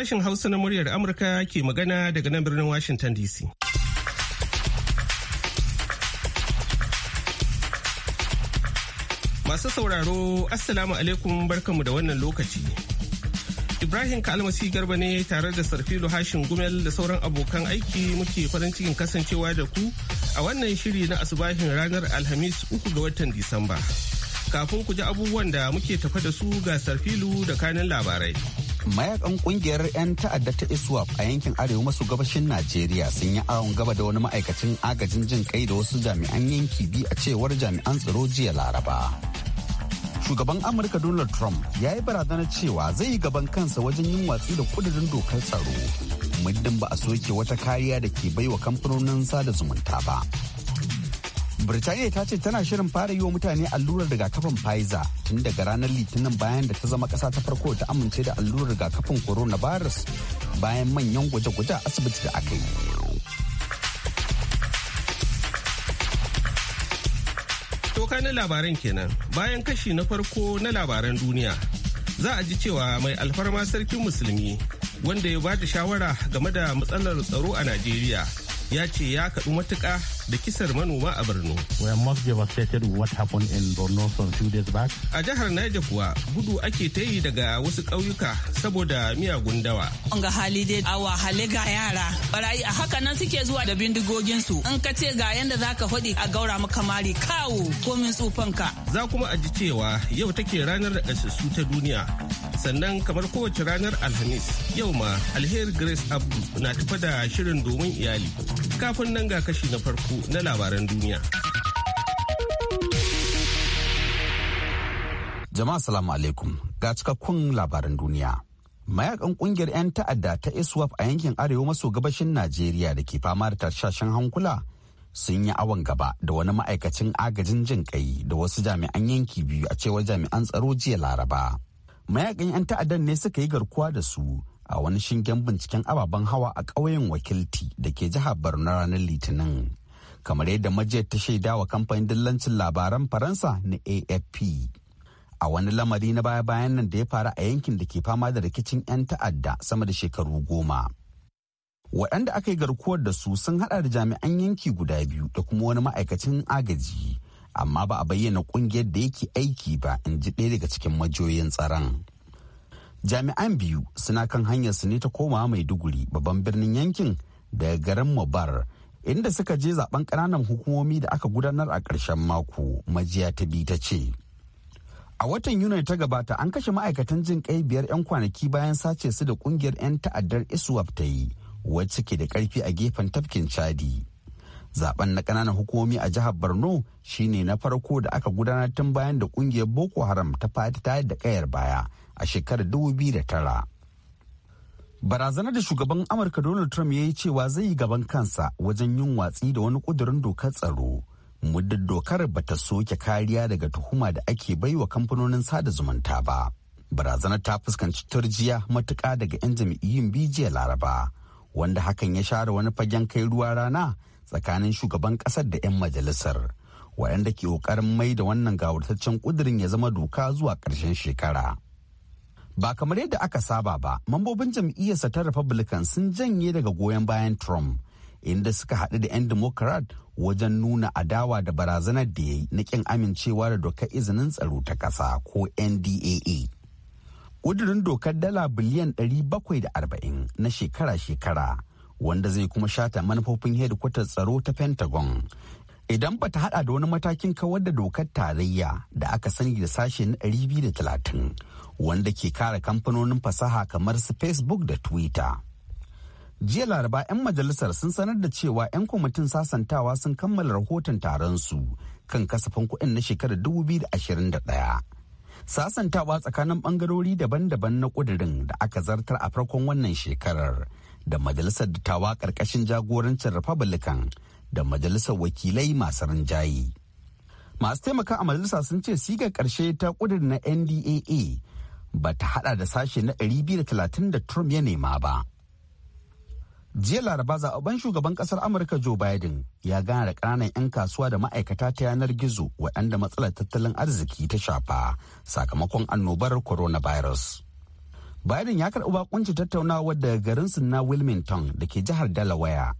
Sashen Hausa na muryar Amurka ke magana daga nan birnin Washington DC. Masu sauraro, Assalamu alaikum barkanmu da wannan lokaci. Ibrahim Kalmasi Garba ne tare da Sarfilo Hashin Gumel da sauran abokan aiki muke farin cikin kasancewa da ku a wannan shiri na asubahin ranar Alhamis uku ga watan Disamba. Kafin ku ji abubuwan da muke tafa da su ga Sarfilu da kanin labarai. mayakan kungiyar 'yan ta'adda ta iswap a yankin arewa maso gabashin najeriya sun yi awon gaba da wani ma'aikacin agajin jin kai da wasu jami'an yanki bi a cewar jami'an tsaro jiya laraba shugaban amurka donald trump ya yi barazanar cewa zai yi gaban kansa wajen yin watsi da kudirin dokar tsaro muddin ba a soke wata kariya da ke baiwa kamfanonin sada zumunta ba Birtaniya ta ce tana shirin fara yi wa mutane allurar rigakafin Pfizer tun daga ranar Litinin bayan da ta zama ƙasa ta farko ta amince da allurar rigakafin coronavirus bayan manyan gwaje-gwaje a asibiti da aka yi. Toka na labaran kenan bayan kashi na farko na labaran duniya za a ji cewa mai alfarma sarkin musulmi wanda ya ba da shawara game da matsalar tsaro a Najeriya. ya ce ya kaɗu matuƙa da kisar manoma a Borno. A jihar Niger kuwa gudu ake ta yi daga wasu ƙauyuka saboda miyagun dawa. Ga hali dai a wahale ga yara. Barayi a haka nan suke zuwa da bindigoginsu. In ka ce ga yanda za ka faɗi a gaura maka mari kawo komin tsufanka. Za kuma a ji cewa yau take ranar da ta duniya. sannan kamar kowace ranar alhamis yau ma alheri grace abdu na tafa da shirin domin iyali kafin nan ga kashi na farko na labaran duniya jama'a salamu alaikum ga cikakkun labaran duniya mayakan kungiyar 'yan ta'adda ta ISWAP a yankin arewa maso gabashin najeriya da ke fama da tashashen hankula sun yi awon gaba da wani ma'aikacin agajin jin da wasu jami'an yanki biyu a cewar jami'an tsaro jiya laraba mayakan 'yan ta'addan ne suka yi garkuwa da su a wani shingen binciken ababen hawa a ƙauyen wakilti da ke jihar borno ranar litinin kamar yadda majiyar ta shaida wa kamfanin dillancin labaran faransa na afp a wani lamari na baya-bayan nan da ya faru a yankin da ke fama da rikicin 'yan ta'adda sama da shekaru goma waɗanda aka yi garkuwar da su sun haɗa da jami'an yanki guda biyu da kuma wani ma'aikacin agaji amma ba a bayyana kungiyar da yake aiki ba in ji ɗaya daga cikin majiyoyin tsaron jami'an biyu suna kan hanyar su ne ta komawa maiduguri babban birnin yankin da garin Mabar. inda suka je zaben ƙananan hukumomi da aka gudanar a ƙarshen mako majiya ta bi ta ce a watan yuni ta gabata an kashe ma'aikatan jin kai biyar 'yan kwanaki bayan sace su da kungiyar 'yan ta'addar iswap ta yi wacce ke da karfi a gefen tafkin chadi zaben na kananan hukumomi a jihar borno shine na farko da aka gudanar tun bayan da kungiyar boko haram ta fati ta da kayar baya a shekarar 2009 barazanar da shugaban amurka donald trump ya yi cewa zai yi gaban kansa wajen yin watsi da wani kudurin dokar tsaro muddin dokar ba ta soke kariya daga tuhuma da ake bai wa kamfanonin sada zumunta ba barazanar ta fuskanci turjiya matuka daga 'yan jam'iyyun bijiya laraba wanda hakan ya share wani fagen kai ruwa rana tsakanin shugaban kasar da 'yan majalisar waɗanda ke ƙoƙarin mai da wannan gawurtaccen ƙudurin ya zama doka zuwa ƙarshen shekara. Ba kamar yadda aka saba ba, mambobin jam'iyyarsa ta Republican sun janye daga goyon bayan Trump, inda suka haɗu da 'yan Democrat wajen nuna adawa da barazanar da ya yi na ƙin amincewa da dokar izinin tsaro ta ƙasa ko NDAA. Ƙudurin dokar dala biliyan 740 na shekara-shekara wanda zai kuma shata manufofin hedikwatar tsaro ta pentagon idan bata ta hada da wani matakin kawar da dokar tarayya da aka sani da sashe na talatin. wanda ke kare kamfanonin fasaha kamar su facebook da twitter jiya laraba 'yan majalisar sun sanar da cewa 'yan kwamitin sasantawa sun kammala rahoton taron su kan kasafin kuɗin na shekarar 2021 sasantawa tsakanin bangarori daban-daban na kudurin da aka zartar a farkon wannan shekarar da majalisar dattawa ƙarƙashin jagorancin republican da majalisar wakilai masu rinjaye masu taimaka a majalisa sun ce sigar ƙarshe ta ƙudur na ndaa ba ta hada da sashe na 230 da trump ya nema ba jiya laraba zaɓaɓɓen shugaban ƙasar amurka joe biden ya gana da ƙananan 'yan kasuwa da ma'aikata ta yanar gizo waɗanda matsalar tattalin arziki ta shafa sakamakon annobar coronavirus. Biden ya karɓi bakunci tattaunawa daga su na Wilmington da ke jihar Delaware.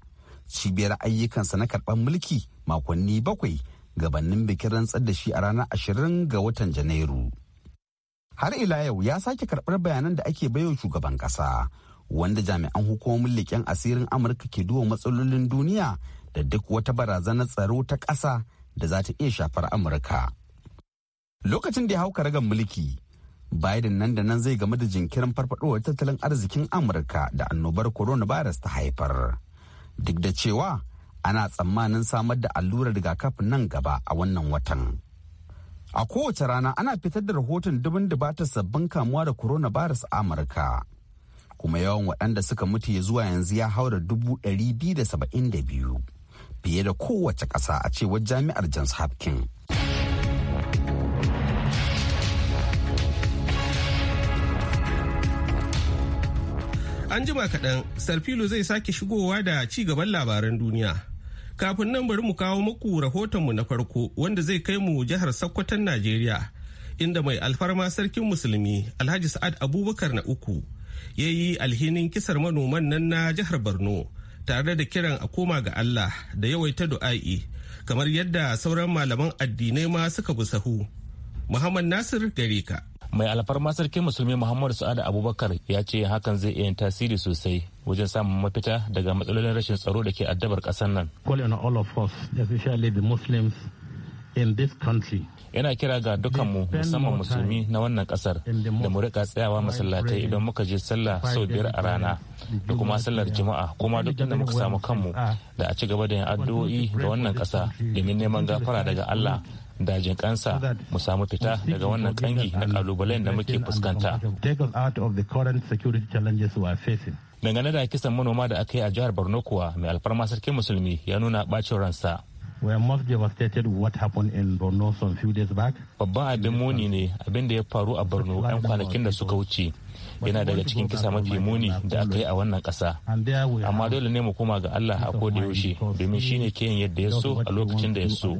Cibiyar ayyukansa na karɓar mulki makonni bakwai gabanin bikin rantsar da shi a ranar ashirin ga watan Janairu. Har ila yau ya sake karɓar bayanan da ake baiwa shugaban ƙasa, wanda jami'an hukumomin leƙen asirin Amurka ke duba matsalolin duniya da duk wata barazanar tsaro ta ƙasa da za ta iya shafar Amurka. Lokacin da ya hau karagar mulki, Biden nan da nan zai game da jinkirin farfadowar tattalin arzikin Amurka da annobar coronavirus ta haifar. Duk da cewa ana tsammanin samar da allurar rigakafin nan gaba a wannan watan. A kowace rana ana fitar da rahoton dubin dubatar sabbin kamuwa da coronavirus a Amurka. Kuma yawan waɗanda suka mutu ya zuwa yanzu ya haura dubu ɗari biyu da saba'in da biyu. Fiye da kowace ƙasa a cewar jami'ar Johns Hopkins. An jima kaɗan, Sarfilo zai sake shigowa da ci gaban labaran duniya. Kafin nan bari mu kawo muku mu na farko wanda zai kai mu jihar Sokoton Najeriya, inda mai alfarma sarkin musulmi Alhaji Sa'ad Abubakar na uku ya yi alhinin kisar manoman nan na jihar Borno tare da kiran a koma ga Allah da yawaita du'a'i kamar yadda sauran malaman addinai ma suka bi sahu. Muhammad Nasir gare mai alfarma sarkin musulmi muhammadu sa'adu abubakar ya ce hakan zai iya tasiri sosai wajen samun mafita daga matsalolin rashin tsaro da ke addabar kasar nan yana kira ga dukanmu musamman musulmi na wannan kasar da mu rika tsayawa masallatai idan muka je sallah sau biyar a rana da kuma sallar juma'a kuma duk inda muka samu kanmu da a ci gaba da yin addu'o'i ga wannan kasa domin neman gafara daga allah dajin kansa mu samu fita daga wannan kangi na kalubalen da muke fuskanta. Dangane da kisan manoma da aka yi a jihar Borno kuwa mai alfarma sarkin musulmi ya nuna bacin ransa. most devastated what happened in Borno some back. Babban abin muni ne abin da ya faru a Borno 'yan kwanakin da suka wuce. Yana daga cikin kisa mafi muni da aka yi a wannan ƙasa. Amma dole ne mu koma ga Allah a da yaushe domin shine ke yin yadda ya so a lokacin da ya so.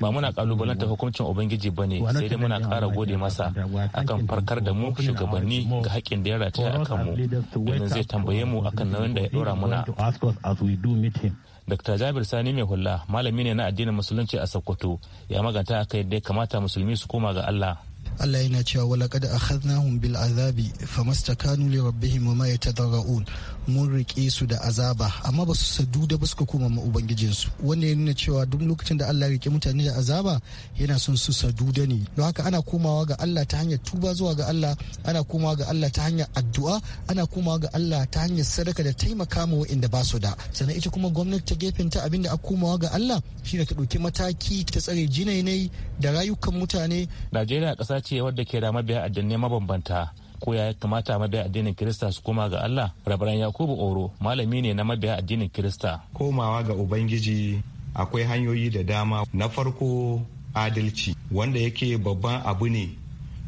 Ba muna kalubalanta hukuncin Ubangiji ba ne sai dai muna ƙara gode masa akan farkar da mu shugabanni ga haƙƙin da ya rataya a kanmu domin zai tambaye mu akan nauyin da ya ɗora muna. Dr. Jabir Sani mai hula malami ne na addinin musulunci a Sokoto ya maganta yadda da kamata musulmi su koma ga Allah. Allah yana cewa a akhadnahum bil azabi famastakanu li rabbihim wama yatadarrun mun rike su da azaba amma ba su sadu da ba suka koma ma ubangijin su ya yana cewa duk lokacin da Allah ya rike mutane da azaba yana son su sadu da ne don haka ana komawa ga Allah ta hanyar tuba zuwa ga Allah ana komawa ga Allah ta hanyar addu'a ana komawa ga Allah ta hanyar sadaka da taimaka ma waɗanda ba su da sannan ita kuma gwamnati ta gefen ta abinda a komawa ga Allah shine ta ɗauki mataki ta tsare jinai da rayukan mutane Najeriya ƙasa ce wadda ke da mabiya addinai mabambanta ko ya kamata mabiya addinin Kirista su koma ga Allah? Rabaran Yakubu Oro malami ne na mabiya addinin Kirista. Komawa ga Ubangiji akwai hanyoyi da dama. Na farko adalci wanda yake babban abu ne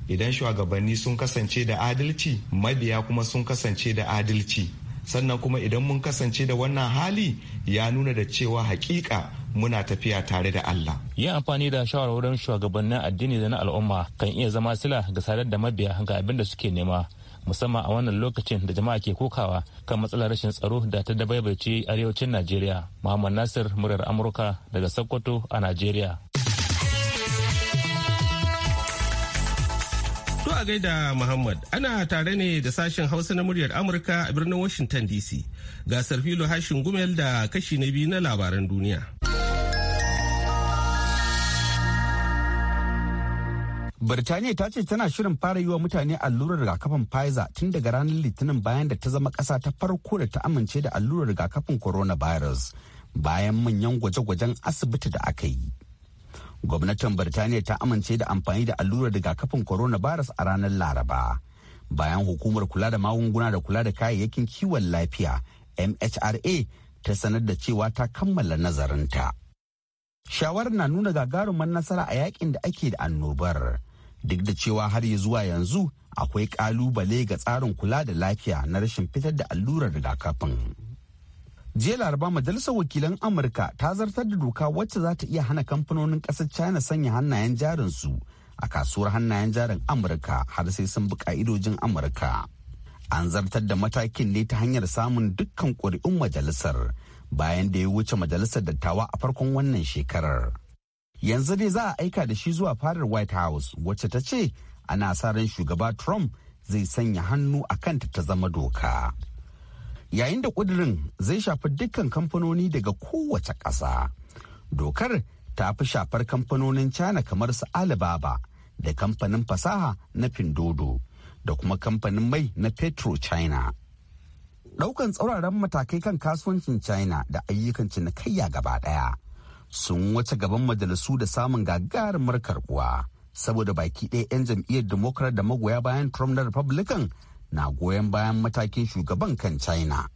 idan shugabanni sun kasance da adalci mabiya kuma sun kasance da adalci sannan kuma idan mun kasance da wannan hali ya nuna da cewa hakika muna tafiya tare da Allah. Yin amfani da shawarwarin shugabannin addini da na al'umma kan iya zama sila ga sadar da mabiya ga abin da suke nema. musamman a wannan lokacin da jama'a ke kokawa kan matsalar rashin tsaro da ta dabaibaice arewacin Najeriya. Muhammad Nasir murar Amurka daga Sokoto a Najeriya. To a gaida Muhammad ana tare ne da sashen Hausa na muryar Amurka a birnin Washington DC. Gasar filo hashin gumel da kashi na biyu na labaran duniya. Birtaniya ta ce tana shirin fara yi wa mutane allurar rigakafin Pfizer tun daga ranar Litinin bayan da ta zama ƙasa ta farko da ta amince da allurar rigakafin coronavirus bayan manyan gwaje-gwajen asibiti da aka yi. Gwamnatin Birtaniya ta amince da amfani da allurar rigakafin coronavirus a ranar Laraba bayan hukumar kula da magunguna da kula da kayayyakin kiwon lafiya MHRA ta sanar da cewa ta kammala nazarinta. Shawarar na nuna gagarumar nasara a yakin da ake da annobar. duk da cewa har ya zuwa yanzu akwai kalubale ga tsarin kula da lafiya na rashin fitar da allurar da rigakafin. jiya laraba majalisar wakilan amurka ta zartar da doka wacce za ta iya hana kamfanonin ƙasar china sanya hannayen jarin su a kasuwar hannayen jarin amurka har sai sun bi ka'idojin amurka an zartar da matakin ne ta hanyar samun dukkan ƙuri'un majalisar bayan da ya wuce majalisar dattawa a farkon wannan shekarar. yanzu ne za a aika da shi zuwa fadar white house wacce ta ce ana sa ran shugaba trump zai sanya hannu a kanta ta zama doka yayin da kudirin zai shafi dukkan kamfanoni daga kowace ƙasa dokar ta fi shafar kamfanonin china kamar su alibaba da kamfanin fasaha na findodo da kuma kamfanin mai na petro china daukan tsauraran matakai kan kasuwancin china da ayyukan cinikayya gaba ɗaya. sun wace gaban majalisu da samun gagarumar karbuwa saboda baki ɗaya 'yan jam'iyyar democrat da magoya bayan trump na republican na goyon bayan matakin shugaban kan china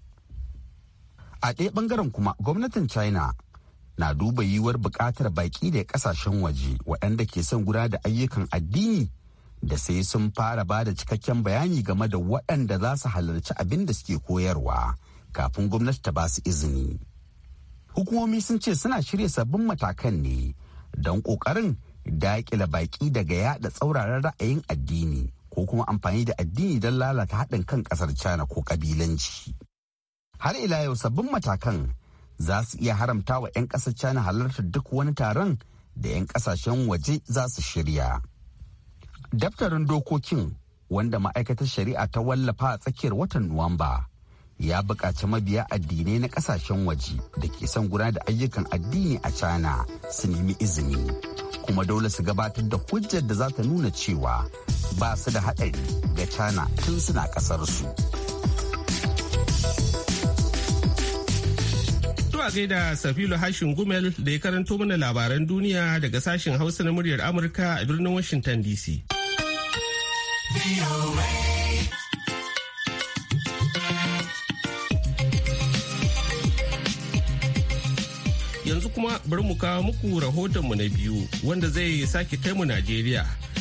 a ɗaya ɓangaren kuma gwamnatin china na duba yiwuwar buƙatar baƙi da ƙasashen waje waɗanda ke son gudanar da ayyukan addini da sai sun fara ba da cikakken bayani game da waɗanda za su halarci abin da suke koyarwa kafin gwamnati ta ba su izini. hukumomi sun ce suna shirya sabbin matakan ne don ƙoƙarin daƙila baƙi daga yada tsauraran ra'ayin addini ko kuma amfani da addini don lalata haɗin kan ƙasar china ko ƙabilanci har ila yau sabbin matakan za su iya haramta wa 'yan ƙasar china halartar duk wani taron da 'yan ƙasashen waje za su shirya daftarin dokokin wanda ma'aikatar shari'a ta wallafa a tsakiyar watan nuwamba ya buƙaci mabiya addinai na ƙasashen waje da ke son gudanar da ayyukan addini a China su nemi izini kuma dole su gabatar da hujjar da za ta nuna cewa ba su da haɗari ga China tun suna ƙasarsu. tuwa gaida Safilu Hashin Gumel da ya karanto mana labaran duniya daga sashen Hausa na muryar Amurka a birnin Washington DC. yanzu kuma bari mu kawo muku rahotonmu na biyu wanda zai sake kai mu Najeriya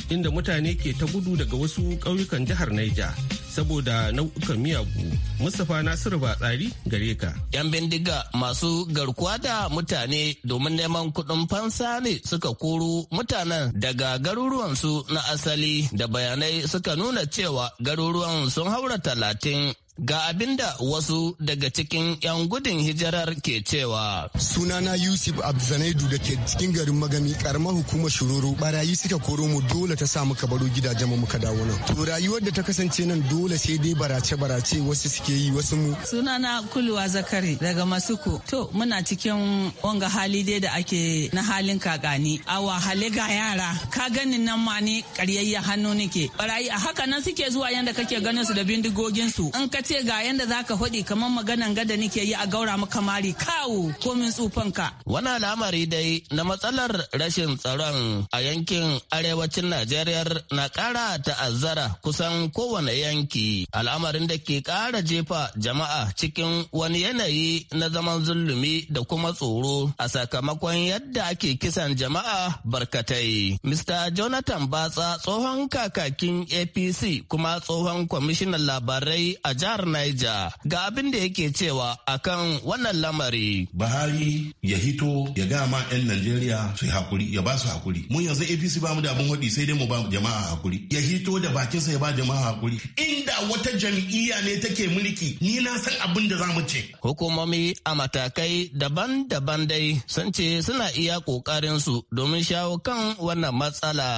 inda mutane ke ta gudu daga wasu ƙauyukan jihar Naija saboda nau'ukan miyagu. Mustapha Nasiru ba tsari gare ka. Yan bindiga masu garkuwa da mutane domin neman kuɗin fansa ne suka koro mutanen daga garuruwansu na asali da bayanai suka nuna cewa garuruwan sun haura talatin Ga abinda wasu daga cikin 'yan gudun hijirar ke cewa. Sunana Yusuf Abzanaidu da ke cikin garin Magami karamar hukumar Shiroro barayi suka koro mu dole ta samu muka gidajen mu muka dawo nan. To rayuwar da ta kasance nan dole sai dai barace-barace wasu suke yi wasu mu. Sunana Kuluwa Zakari daga Masuku. To muna cikin wanga hali dai da ake na halin kakani. A wahale ga yara ka ganin nan ma ni karyayya hannu nake. Barayi a haka nan suke zuwa yanda kake ganin su da bindigogin su. In ka ce ga yanda za ka faɗi kamar maganan gada nike yi a gaura maka mari kawo komin tsufanka. Wani al'amari dai na matsalar rashin tsaron a yankin arewacin Najeriya na kara ta'azzara kusan kowane yanki. Al'amarin da ke ƙara jefa jama'a cikin wani yanayi na zaman zulumi da kuma tsoro a sakamakon yadda ake kisan jama'a barkatai. Mr. Jonathan Batsa tsohon kakakin APC kuma tsohon kwamishinan labarai a jihar jihar Niger ga abin da yake cewa akan wannan lamari. Buhari ya hito ya gama ma 'yan Najeriya su hakuri ya ba su hakuri. Mun yanzu APC ba mu da abin hudi sai dai mu ba jama'a hakuri. Ya hito da bakinsa ya ba jama'a hakuri. Inda wata jam'iyya ne take mulki ni na san abin da za mu ce. Hukumomi a matakai daban-daban dai sun ce suna iya kokarin su domin shawo kan wannan matsala.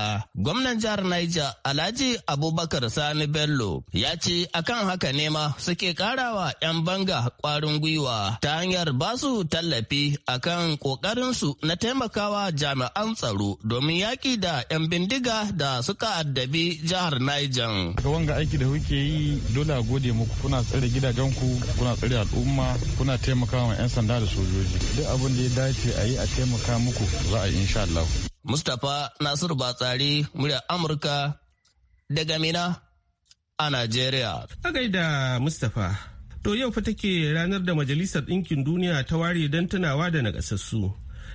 Gwamnan jihar Niger Alhaji Abubakar Sani Bello ya ce akan haka ne ma suke karawa 'yan banga kwarin gwiwa ta hanyar ba su tallafi a kan kokarinsu na taimakawa jami'an tsaro domin yaki da 'yan bindiga da suka addabi jihar Niger. Ga wanga aiki da kuke yi dole a gode muku kuna tsare gidajenku kuna tsare al'umma kuna taimakawa 'yan sanda da sojoji duk abin da ya dace a yi a taimaka muku za a yi insha Allah. Mustapha Nasiru Batsari murya Amurka daga Mina a Najeriya. A gaida Mustapha, to yau fa take ranar da Majalisar Ɗinkin Duniya ta ware don tunawa da nakasassu.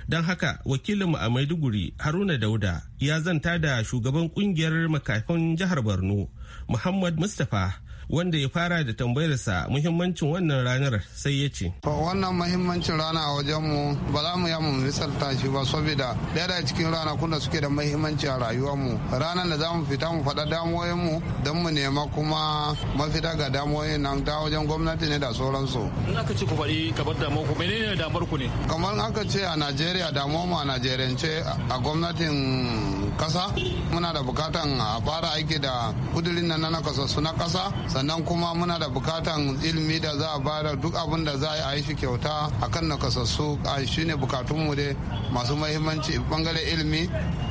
Don haka wakilinmu a Maiduguri Haruna Dauda ya zanta da shugaban kungiyar makafin jihar Borno Muhammad Mustapha wanda ya fara da tambayarsa muhimmancin wannan ranar sai ya ce. wannan muhimmancin rana a wajenmu ba za mu ya mu misalta shi ba saboda ɗaya daga cikin rana da suke da muhimmanci a rayuwarmu ranar da za mu fita mu faɗa damuwoyinmu don mu nema kuma mafita ga damuwoyin nan ta wajen gwamnati ne da sauransu. in aka ce ku faɗi kamar damuwa ku menene damar ku ne. kamar aka ce a najeriya damuwa mu a najeriyance a gwamnatin kasa muna da bukatan a fara aiki da kudurin nan na nakasassu na kasa sannan kuma muna da bukatan ilimi da za a bada duk abin da za a yi shi kyauta akan nakasassu a shi ne bukatunmu dai masu mahimmanci bangare ilimi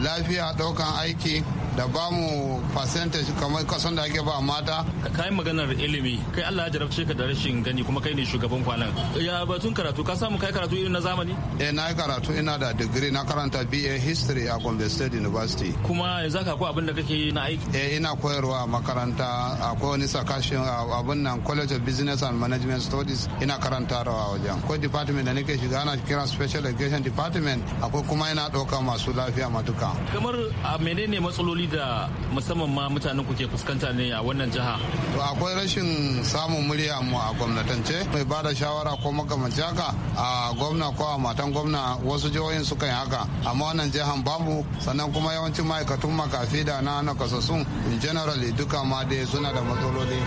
lafiya daukan aiki da ba mu percentage kamar kasan da ake ba mata. Ka kai maganar ilimi, kai Allah ya jarabce ka da rashin gani kuma kai ne shugaban kwanan. Ya batun karatu, ka samu kai karatu irin na zamani? Eh na yi karatu ina da digiri na karanta BA History a Gombe State University. university kuma yanzu ka akwai abin da kake na aiki eh ina koyarwa a makaranta akwai wani sakashin abin nan college of business and management studies ina karanta rawa wajen akwai department da nake shiga ana kira special education department akwai kuma ina ɗauka masu lafiya matuka kamar a menene matsaloli da musamman ma mutanen ku ke fuskanta ne a wannan jiha to akwai rashin samun murya mu a gwamnatance mai ba da shawara ko makamanci haka a gwamna ko a matan gwamna wasu jihohin suka yi haka amma wannan jihan babu sannan kuma yawan yawancin ma'aikatun makafi da na nakasassun general duka ma dai suna da matsaloli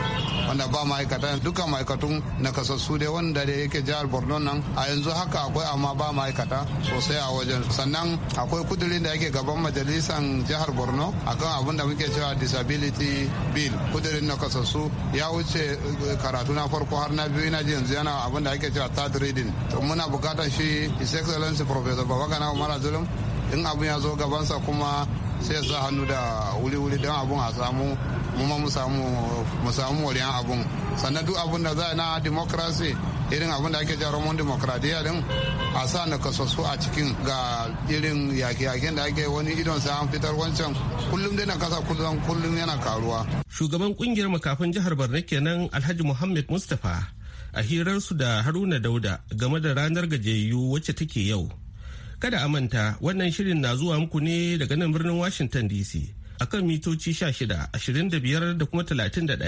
wanda ba ma'aikata duka ma'aikatun nakasassu dai wanda da yake jihar borno nan a yanzu haka akwai amma ba ma'aikata sosai a wajen sannan akwai kudirin da yake gaban majalisan jihar borno akan abin da muke cewa disability bill kudirin nakasassu ya wuce eh, karatu na farko har na biyu na ji yanzu yana abin da ake cewa third reading to muna bukatar shi his excellency professor babagana umar azulum in abin ya zo gabansa kuma sai sa hannu da wuri-wuri don abun a samu muma mu samu wariyan abun sannan duk abin da za na demokrasi irin abun da ake ja roman demokradiyya din a sa na kasassu a cikin ga irin yaƙe-yaƙen da ake wani idon sa an fitar wancan kullum dai na kasa kullum kullum yana karuwa. shugaban kungiyar makafin jihar borno kenan alhaji muhammad mustapha a hirarsu da haruna dauda game da ranar gajiyayyu wacce take yau Kada a manta wannan shirin na zuwa muku ne daga nan birnin Washington DC akan mitoci 16, 25 da kuma 31.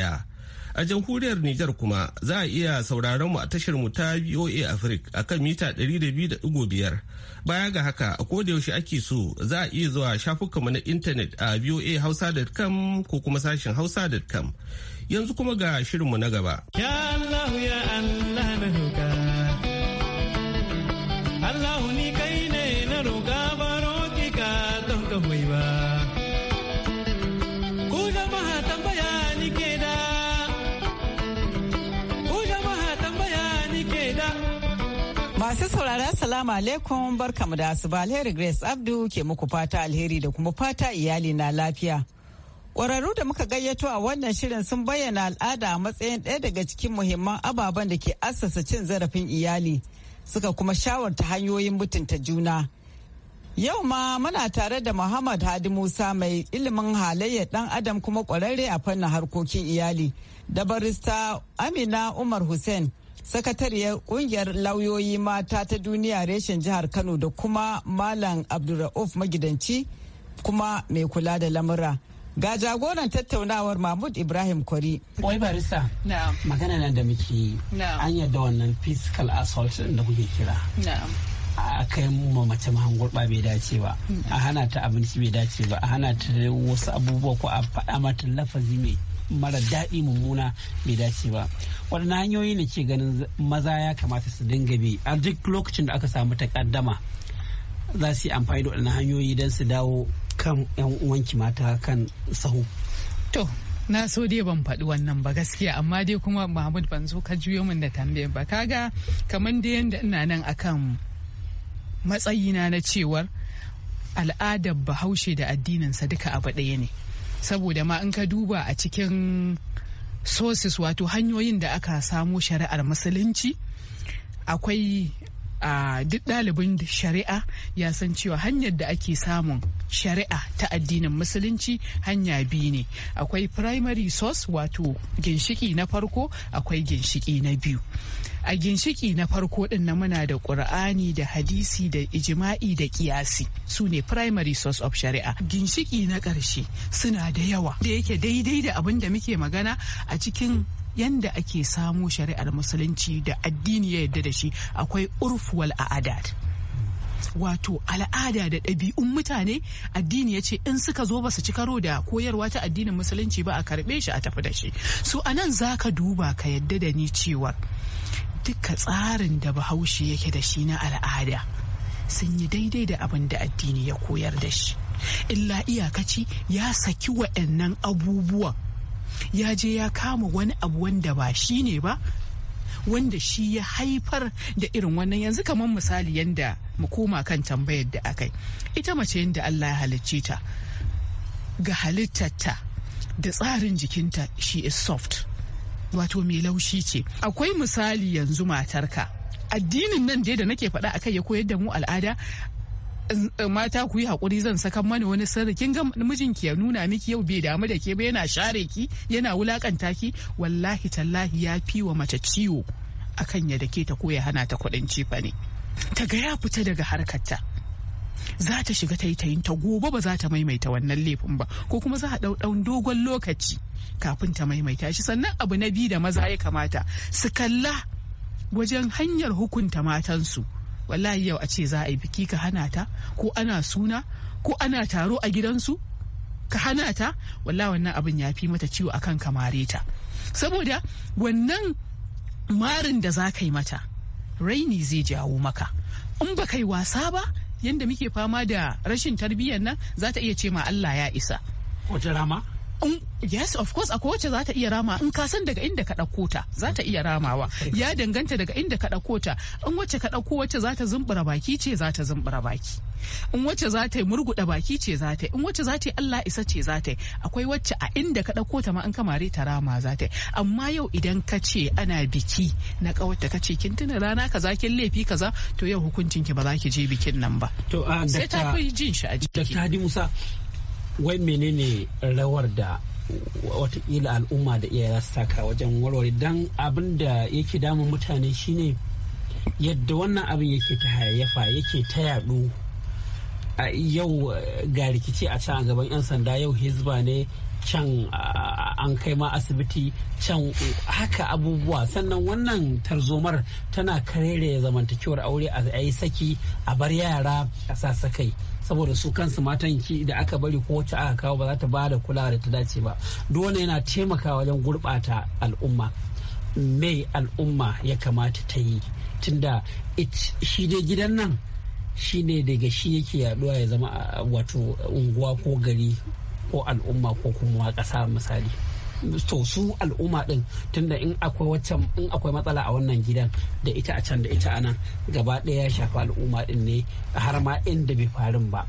A jamhuriyar Nijar kuma za a iya sauraron mu a tashar mu ta VOA Africa akan mita 200.5. Baya ga haka a koda yaushe ake so za a iya zuwa shafukanmu na intanet a voahausa.com ko kuma sashin hausa.com. Yanzu kuma ga shirinmu na gaba. Masu saurara salamu alaikum barkamu da asuba alheri Grace Abdu ke muku fata alheri da kuma fata iyali na lafiya. Ƙwararru da muka gayyato a wannan shirin sun bayyana al'ada a matsayin ɗaya daga cikin muhimman ababen da ke assasa cin zarafin iyali suka kuma shawarta hanyoyin mutunta juna. Yau ma muna tare da Muhammad Hadi Musa mai ilimin halayyar dan adam kuma ƙwararre a fannin harkokin iyali da barista Amina Umar Hussein. sakatariyar kungiyar lauyoyi mata ta duniya reshen jihar kano da kuma malam abdulra'uf magidanci kuma mai kula da lamura ga jagoran tattaunawar mahmud ibrahim kwari wai barista magana nan da muke an yadda wannan physical assault da kuke kira a kai ma mace mahangurɓa bai dace ba a hana ta abinci bai dace ba a hana ta wasu abubuwa ko a faɗa mata lafazi mai mara daɗi mummuna bai dace ba waɗannan hanyoyi ne ke ganin maza ya kamata su dinga bi a duk lokacin da aka samu takaddama za su yi amfani da waɗannan hanyoyi don su dawo kan 'yan uwanki mata kan sahu to na so dai ban faɗi wannan ba gaskiya amma dai kuma mahmud ban zo ka juyo min da tambayar ba kaga kamar da yadda ina nan akan matsayina na cewar al'adar bahaushe da addininsa duka abu ɗaya ne saboda ma in ka duba a cikin sources wato hanyoyin da aka samo shari'ar musulunci akwai duk ɗalibin shari'a ya san cewa hanyar da ake samun shari'a ta addinin musulunci hanya biyu ne akwai primary source wato ginshiki na farko akwai ginshiki na biyu a ginshiki na farko din na muna da ƙur'ani da hadisi da ijima'i da ƙiyasi su ne primary source of shari'a ginshiki na ƙarshe suna da yawa da yake daidai da abin da muke magana a cikin yanda ake samo shari'ar musulunci da addini ya yadda da shi akwai urfuwal wal wato al'ada da ɗabi'un mutane addini ya ce in suka zo ba su ci karo da koyarwa ta addinin musulunci ba a karɓe shi a tafi da shi so a nan za ka duba ka yadda da ni cewa duka tsarin da bahaushe yake da shi na al'ada sun yi daidai da abin da addini ya koyar da shi illa iyakaci ya saki wa'annan abubuwan ya je ya kama wani abu wanda ba shi ne ba wanda shi ya haifar da irin wannan yanzu kamar misali yadda mu koma kan tambayar da akai ita mace yadda Allah ya halicce ta ga halittarta da tsarin jikinta shi is soft wato mai laushi ce akwai misali yanzu matarka addinin nan dai da nake faɗa akai ya koyar da mu al'ada mata ku yi hakuri zan saka mana wani sirri kin ga mijinki ya nuna miki yau bai damu da ke ba yana share ki yana wulakanta ki wallahi tallahi ya fi wa mace ciwo akan ya dake ta ko ya hana ta kuɗin cifa ne ta ga ya fita daga harkarta za ta shiga yi ta gobe ba za ta maimaita wannan laifin ba ko kuma za a ɗauɗan dogon lokaci kafin ta maimaita shi sannan abu na biyu da maza ya kamata su kalla wajen hanyar hukunta matansu wallahi yau a ce za a yi biki ka hana ta ko ana suna ko ana taro a gidansu ka hana ta wallahi wannan abin ya fi mata ciwo akan kamare ta saboda wannan marin da za ka yi mata raini zai jawo maka in ba kai wasa ba yadda muke fama da rashin tarbiyyar nan za ta iya ce ma Allah ya isa. Wace rama? Um, yes of course a kowace za iya rama in ka san daga inda ka ɗauko ta za iya ramawa ya danganta daga inda ka ɗauko ta in wacce ka ɗauko wacce za zumbura baki ce za zumbura baki in wacce za yi murguɗa baki ce za in wacce za yi Allah isa ce za akwai wacce a inda ka ɗauko ta ma in ka mare ta rama za amma yau idan ka ce ana biki na ƙawarta ka ce kin tuna rana kaza kin laifi kaza to yau hukuncin ki ba za ki je bikin nan ba to ah, sai ta fi jin shi a jiki wai menene rawar da watakila al'umma da iyaye su taka wajen warware don abin da yake damun mutane shine yadda wannan abin yake ta hayayyafa yake ta yaɗu yau eh, ga rikici a can a gaban 'yan sanda yau hizba ne can an kai ma asibiti can haka abubuwa sannan wannan tarzomar tana karere zamantakewar aure a yi saki a bar yara a sasakai saboda su kansu matan ki da aka bari ko wacce aka kawo ba za ta bada kulawa da ta dace ba dole yana taimakawa wajen gurɓata al'umma me al'umma ya kamata ta yi tunda shi dai gidan nan shi ne daga shi yake yaduwa ya zama wato unguwa ko gari ko al'umma ko kuma ƙasa misali to su al'umma din tunda in akwai wacce in akwai matsala a wannan gidan da ita a can da ita anan gaba ɗaya ya shafi al'umma din ne har ma inda bai farin ba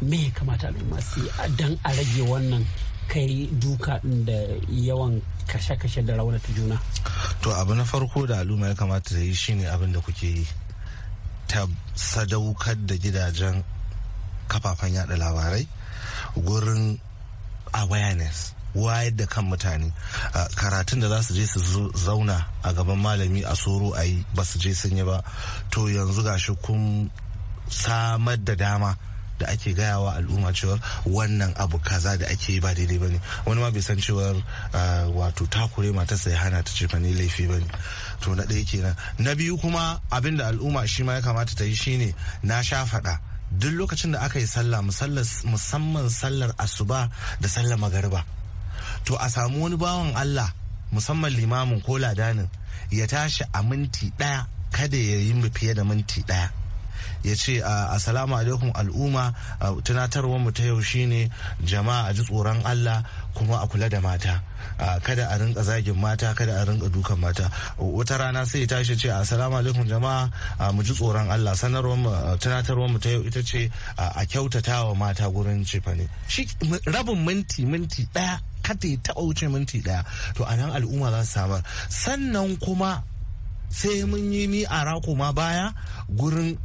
me ya kamata al'umma su yi dan a rage wannan kai duka din da yawan kashe-kashe da raunata juna to abu na farko da al'umma ya kamata su yi shine abin da kuke yi ta sadaukar da gidajen kafafen yada labarai gurin awareness wayar da kan mutane karatun da za su je su zauna a gaban malami a soro a yi ba su je sun yi ba to yanzu gashi kun samar da dama da ake gayawa al'umma cewar wannan abu kaza da ake yi ba daidai ba ne wani ma bai san cewar wato takure mata sai hana ta ce ne laifi ba ne to na ɗaya kenan na biyu kuma abinda al'umma shi ma ya kamata ta yi shine na sha faɗa duk lokacin da aka yi sallah musamman sallar asuba da sallar magariba to a samu wani bawan Allah musamman limamin ko ladanin ya tashi a minti ɗaya kada ya yi fiye da minti ɗaya ya ce assalamu alaikum al'umma tunatarwar mu ta yau shine jama'a a ji tsoron Allah kuma a kula da mata kada a rinka zagin mata kada a rinka dukan mata wata rana sai ya tashi ce assalamu alaikum jama'a mu ji tsoron Allah sanarwar mu tunatarwar mu ta yau ita ce a kyautata wa mata gurin cefane shi rabin minti minti daya kada ya taba wuce minti daya to a nan al'umma za su samar sannan kuma sai mun yi ni a rako ma baya gurin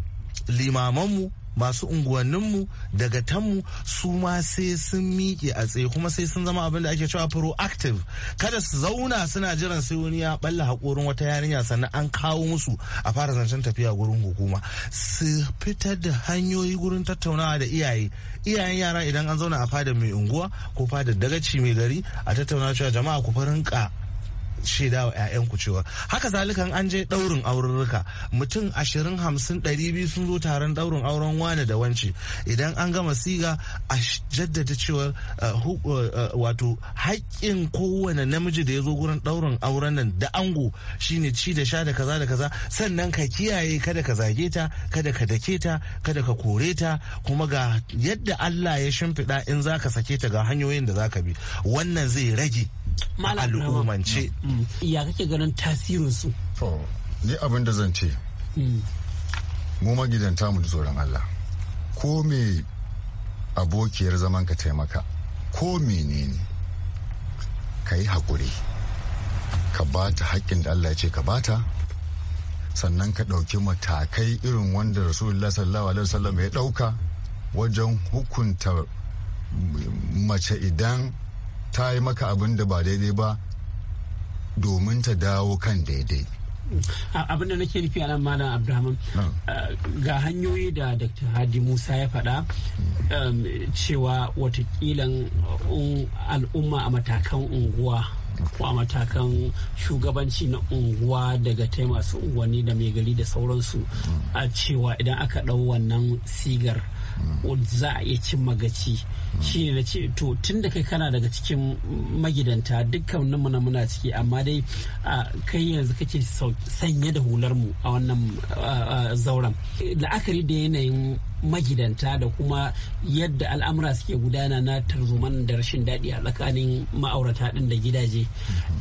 limamanmu masu unguwanninmu daga tanmu su ma sai sun miƙe a tsaye kuma sai sun zama abin da ake cewa proactive kada su zauna suna jiran sai wani ya balla haƙorin wata yarinya sannan an kawo musu a fara zancen tafiya gurin hukuma su fitar da hanyoyi gurin tattaunawa da iyaye iyayen yara idan an zauna a fada mai unguwa ko fada dagaci mai gari a tattauna cewa jama'a ku farinka shaida wa 'ya'yanku cewa haka zalikan an je ɗaurin ruka mutum ashirin hamsin ɗari biyu sun zo taron ɗaurin auren wane da wance idan an gama siga a jaddada cewa uh, uh, uh, wato haƙƙin kowane namiji da ya zo gurin ɗaurin auren nan da ango shine ci da sha da kaza da kaza sannan ka kiyaye kada ka zage ta kada ka dake ta kada ka kore ta kuma ga yadda Allah ya shimfiɗa in zaka sake ta ga hanyoyin da zaka bi wannan zai rage al'ummance mm. ya kake ganin tasirinsu to ni abin da zan ce mm. mu magidanta mu tsoron Allah ko me abokiyar zaman ka taimaka ko menene ka yi haƙuri ka ba ta haƙƙin da Allah ya ce ka bata sannan ka ɗauki matakai irin wanda rasulullah sallallahu alaihi wasallam ya ɗauka wajen hukunta mace idan ta yi maka abin da ba daidai ba domin ta dawo kan daidai abin da nake nufi a malam abdulhamun ga hanyoyi da dr hadi musa ya faɗa um, cewa watakila uh, al'umma a matakan unguwa ko a matakan shugabanci na unguwa daga tai masu unguwanni da mai gari da sauransu hmm. a cewa idan aka ɗau wannan sigar za a iya cin magaci shi ne ce to tun da kai kana daga cikin magidanta dukkanin muna muna ciki amma dai kai yanzu kake sanye da hular mu a wannan zauren la'akari da yanayin magidanta da kuma yadda al'amura suke gudana na tarzoman da rashin daɗi a tsakanin ma'aurata ɗin da gidaje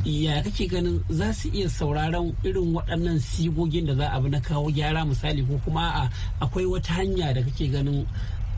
ya kake ganin za su iya sauraron irin waɗannan sigogin da za a bi na kawo gyara misali ko kuma a akwai wata hanya da kake ganin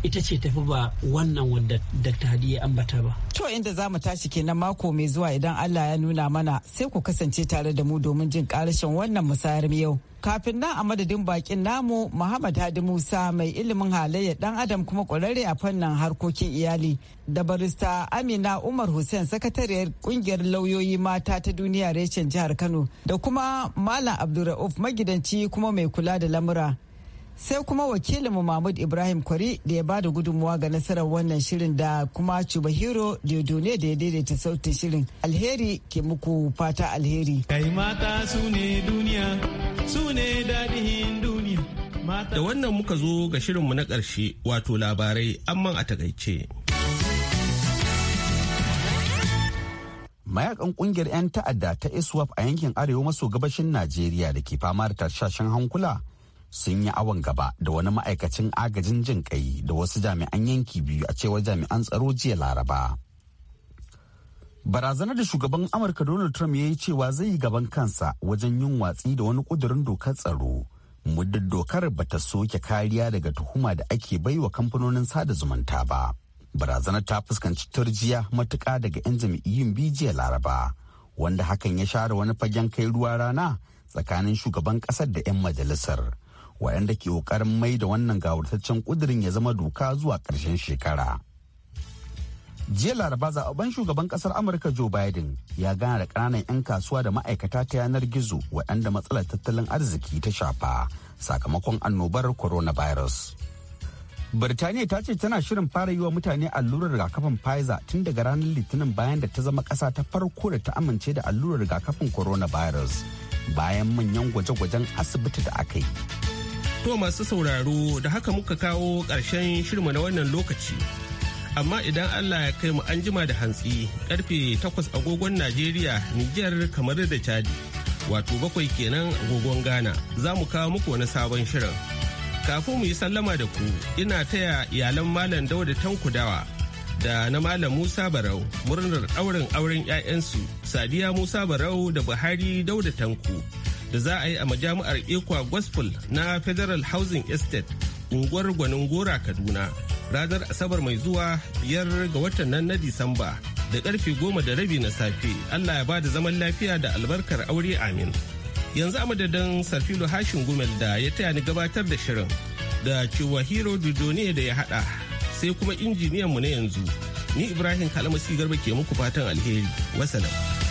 ita ce tafi ba wannan wanda Dr. Hadi ya ambata ba. To inda za mu tashi kenan mako mai zuwa idan Allah ya nuna mana sai ku kasance tare da mu domin jin karashin wannan musayar yau. Kafin nan a madadin bakin namu Muhammad Hadi Musa mai ilimin halayya dan Adam kuma kwararre a fannin harkokin iyali da barista Amina Umar Hussein sakatariyar kungiyar lauyoyi mata ta duniya reshen jihar Kano da kuma Malam Abdulrauf magidanci kuma mai kula da lamura. sai kuma wakilinmu mahmud ibrahim kwari da ya bada gudunmuwa ga nasarar wannan shirin da kuma chubahiro hero da ya daidaita sautin shirin alheri ke muku fata alheri kai mata su ne duniya su ne daɗin duniya da wannan muka zo ga shirinmu na ƙarshe wato labarai amma a takaice mayakan ƙungiyar 'yan ta'adda ta iswap a yankin arewa maso gabashin najeriya da ke fama da tashashen hankula sun yi awon gaba da wani ma'aikacin agajin jin kai da wasu jami'an yanki biyu a cewar jami'an tsaro jiya laraba barazanar da shugaban amurka donald trump ya yi cewa zai yi gaban kansa wajen yin watsi da wani kudurin dokar tsaro muddin dokar ba ta soke kariya daga tuhuma da ake bai wa kamfanonin sada zumunta ba barazanar ta fuskanci turjiya matuka daga 'yan jam'iyyun jiya laraba wanda hakan ya share wani fagen kai ruwa rana tsakanin shugaban kasar da 'yan majalisar waɗanda ke ƙoƙarin mai da wannan gawurtaccen ƙudurin ya zama doka zuwa ƙarshen shekara. jiya laraba zaɓen shugaban ƙasar amurka joe biden ya gana da ƙananan 'yan kasuwa da ma'aikata ta yanar gizo waɗanda matsalar tattalin arziki ta shafa sakamakon annobar coronavirus. Birtaniya ta ce tana shirin fara yi wa mutane allurar rigakafin Pfizer tun daga ranar Litinin bayan da ta zama ƙasa ta farko da ta amince da allurar rigakafin coronavirus bayan manyan gwaje-gwajen asibiti da aka yi. To masu sauraro da haka muka kawo ƙarshen shirma na wannan lokaci. Amma idan Allah ya kai mu an jima da hantsi karfe takwas agogon Najeriya, Nijar kamar da Chadi. Wato bakwai kenan agogon Ghana za mu kawo muku wani sabon shirin. Kafin mu yi sallama da ku ina taya iyalan Malam Dauda dawa da na Malam Musa Barau murnar ɗaurin auren 'ya'yansu Sadiya Musa Barau da Buhari Dauda Tanku. da za a yi a majami'ar Ekwa Gospel na Federal Housing Estate unguwar Gwanin Gora Kaduna ranar Asabar mai zuwa biyar ga watan nan na Disamba da karfe goma da rabi na safe Allah ya ba da zaman lafiya da albarkar aure amin. Yanzu a madadin Sarfilo Hashin Gumel da ya taya ni gabatar da shirin da cewa Hero dudoniya da ya hada sai kuma injiniyan mu na yanzu. Ni Ibrahim Kalamasi Garba ke muku fatan alheri. Wasalam.